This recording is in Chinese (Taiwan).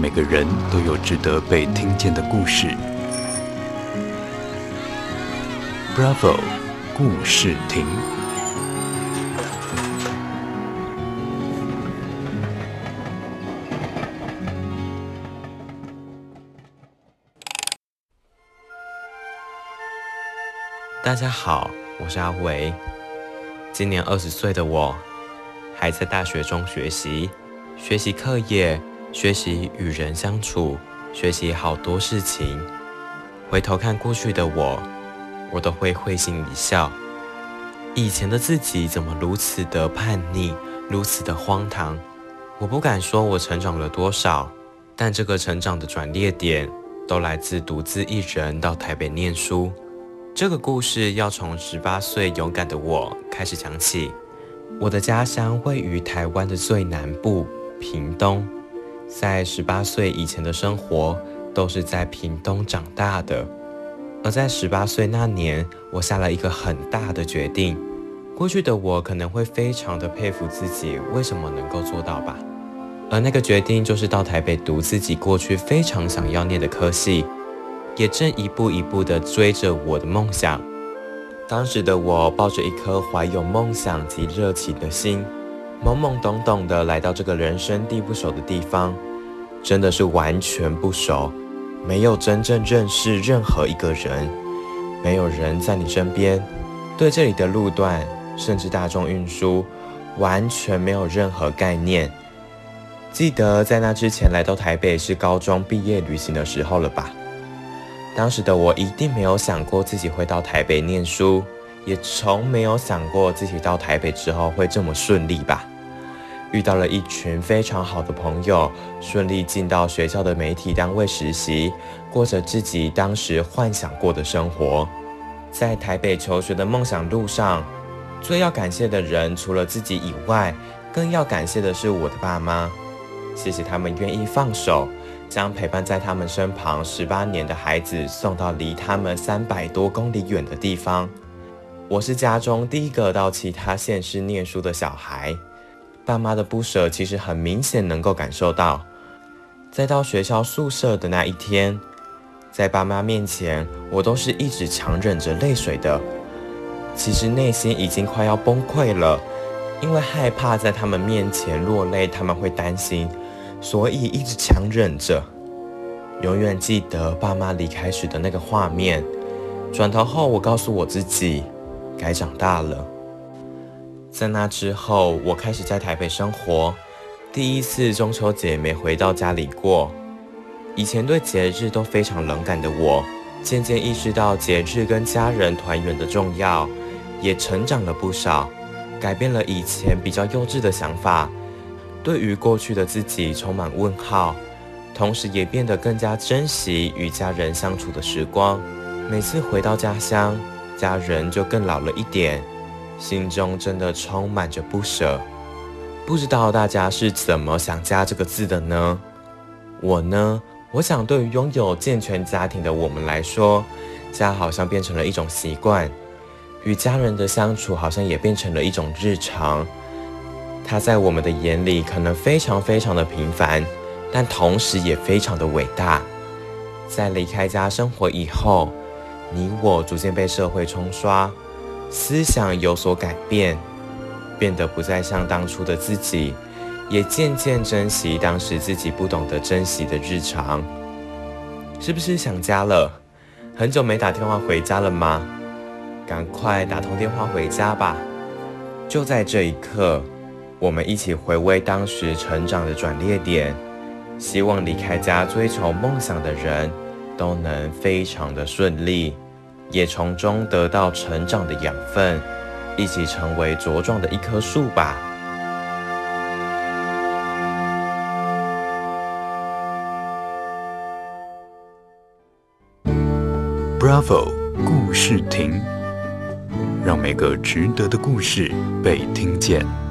每個人都有值得被聽見的故事。Bravo，故事亭。大家好，我是阿維，今年二十歲的我，還在大學中學習，學習課業。學習與人相處，學習好多事情。回頭看過去的我，我都會會心一笑。以前的自己怎麼如此的叛逆，如此的荒唐？我不敢說我成長了多少，但這個成長的轉捩點，都來自獨自一人到台北念書。這個故事要從十八歲勇敢的我開始講起。我的家鄉位於台灣的最南部，屏東。在十八歲以前的生活都是在屏東長大的，而在十八歲那年，我下了一個很大的決定。過去的我可能會非常的佩服自己為什麼能夠做到吧。而那個決定就是到台北讀自己過去非常想要念的科系，也正一步一步的追着我的夢想。當時的我抱着一顆懷有夢想及熱情的心。懵懵懂懂地來到這個人生地不熟的地方，真的是完全不熟，沒有真正認識任何一個人，沒有人在你身邊，對這裡的路段，甚至大眾運輸，完全沒有任何概念。記得在那之前來到台北是高中畢業旅行的時候了吧？當時的我一定沒有想過自己會到台北念書。也從沒有想過自己到台北之後會這麼順利吧？遇到了一群非常好的朋友，順利進到學校的媒體單位實習，過着自己當時幻想過的生活。在台北求學的夢想路上，最要感謝的人除了自己以外，更要感謝的是我的爸媽。謝謝他們願意放手，將陪伴在他們身旁十八年的孩子送到離他們三百多公里遠的地方。我是家中第一個到其他縣市念書的小孩，爸媽的不捨其實很明顯能夠感受到。在到學校宿舍的那一天，在爸媽面前，我都是一直強忍着淚水的。其實內心已經快要崩潰了，因為害怕在他們面前落淚，他們會擔心，所以一直強忍着。永遠記得爸媽離開時的那個畫面。轉頭後，我告訴我自己。該長大了。在那之後，我開始在台北生活。第一次中秋節沒回到家裡過。以前對節日都非常冷感的我，漸漸意識到節日跟家人團圓的重要，也成長了不少，改變了以前比較幼稚的想法。對於過去的自己充滿問號，同時也變得更加珍惜與家人相處的時光。每次回到家鄉。家人就更老了一點，心中真的充滿着不捨。不知道大家是怎麼想“家”這個字的呢？我呢，我想對於擁有健全家庭的我們來說，家好像變成了一種習慣，與家人的相處好像也變成了一種日常。它在我們的眼裡可能非常非常的平凡，但同時也非常的偉大。在離開家生活以後……你我逐漸被社會沖刷，思想有所改變，變得不再像當初的自己，也漸漸珍惜當時自己不懂得珍惜的日常。是不是想家了？很久沒打電話回家了嗎？趕快打通電話回家吧！就在這一刻，我們一起回味當時成長的轉捩點，希望離開家追求夢想的人。都能非常的順利，也從中得到成長的養分，一起成為茁壯的一棵樹吧。Bravo，故事亭，讓每個值得的故事被聽見。